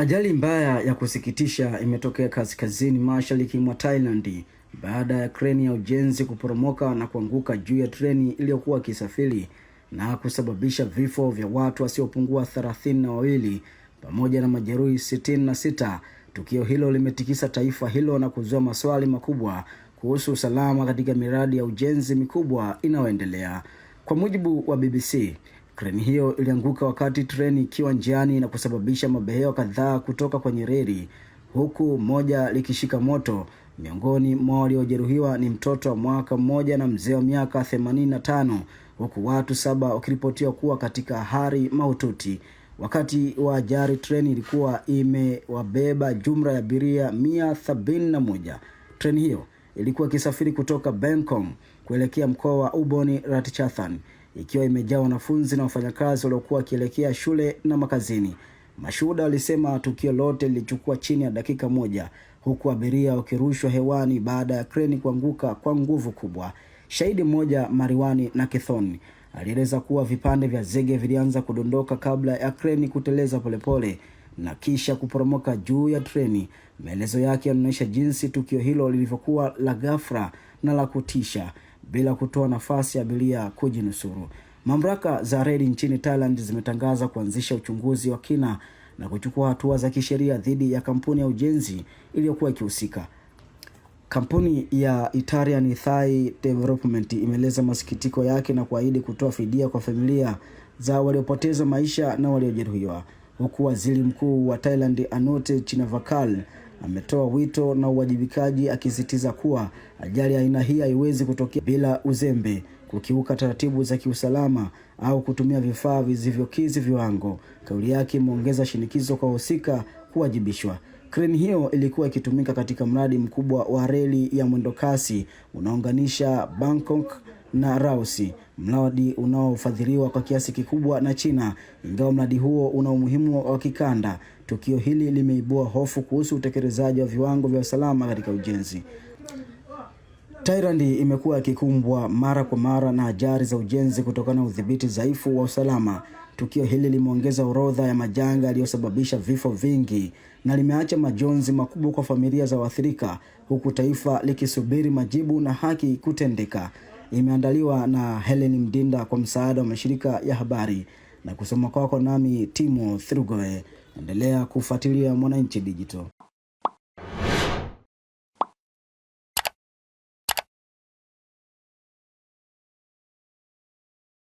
Ajali mbaya ya kusikitisha imetokea kaskazini mashariki mwa Thailand baada ya kreni ya ujenzi kuporomoka na kuanguka juu ya treni iliyokuwa ikisafiri na kusababisha vifo vya watu wasiopungua thelathini na wawili pamoja na majeruhi sitini na sita. Tukio hilo limetikisa taifa hilo na kuzua maswali makubwa kuhusu usalama katika miradi ya ujenzi mikubwa inayoendelea. Kwa mujibu wa BBC, Kreni hiyo ilianguka wakati treni ikiwa njiani na kusababisha mabehewa kadhaa kutoka kwenye reli, huku moja likishika moto. Miongoni mwa waliojeruhiwa ni mtoto wa mwaka mmoja na mzee wa miaka 85 huku watu saba wakiripotiwa kuwa katika hali mahututi. Wakati wa ajali, treni ilikuwa imewabeba jumla ya abiria mia moja. Treni hiyo ilikuwa ikisafiri kutoka Bangkok kuelekea mkoa wa Ubon Ratchathani ikiwa imejaa wanafunzi na wafanyakazi waliokuwa wakielekea shule na makazini. Mashuhuda walisema tukio lote lilichukua chini ya dakika moja, huku abiria wakirushwa hewani baada ya kreni kuanguka kwa nguvu kubwa. Shahidi mmoja Mariwani na Kethon alieleza kuwa vipande vya zege vilianza kudondoka kabla ya kreni kuteleza polepole na kisha kuporomoka juu ya treni. Maelezo yake yanaonyesha jinsi tukio hilo lilivyokuwa la ghafla na la kutisha bila kutoa nafasi ya abiria kujinusuru. Mamlaka za reli nchini Thailand zimetangaza kuanzisha uchunguzi wa kina na kuchukua hatua za kisheria dhidi ya kampuni ya ujenzi iliyokuwa ikihusika. Kampuni ya Italian Thai Development imeeleza masikitiko yake na kuahidi kutoa fidia kwa familia za waliopoteza maisha na waliojeruhiwa, huku waziri mkuu wa Thailand Anote Chinavakal ametoa wito na uwajibikaji akisisitiza kuwa ajali aina hii haiwezi kutokea bila uzembe, kukiuka taratibu za kiusalama au kutumia vifaa visivyokizi viwango. Kauli yake imeongeza shinikizo kwa wahusika kuwajibishwa. Kreni hiyo ilikuwa ikitumika katika mradi mkubwa wa reli ya mwendokasi unaounganisha Bangkok na Rausi, mradi unaofadhiliwa kwa kiasi kikubwa na China. Ingawa mradi huo una umuhimu wa kikanda, tukio hili limeibua hofu kuhusu utekelezaji wa viwango vya usalama katika ujenzi. Thailand imekuwa ikikumbwa mara kwa mara na ajali za ujenzi kutokana na udhibiti dhaifu wa usalama. Tukio hili limeongeza orodha ya majanga yaliyosababisha vifo vingi na limeacha majonzi makubwa kwa familia za waathirika, huku taifa likisubiri majibu na haki kutendeka imeandaliwa na Helen Mdinda kwa msaada wa mashirika ya habari na kusoma kwako nami Timo Thrugoe. Endelea kufuatilia Mwananchi Digital.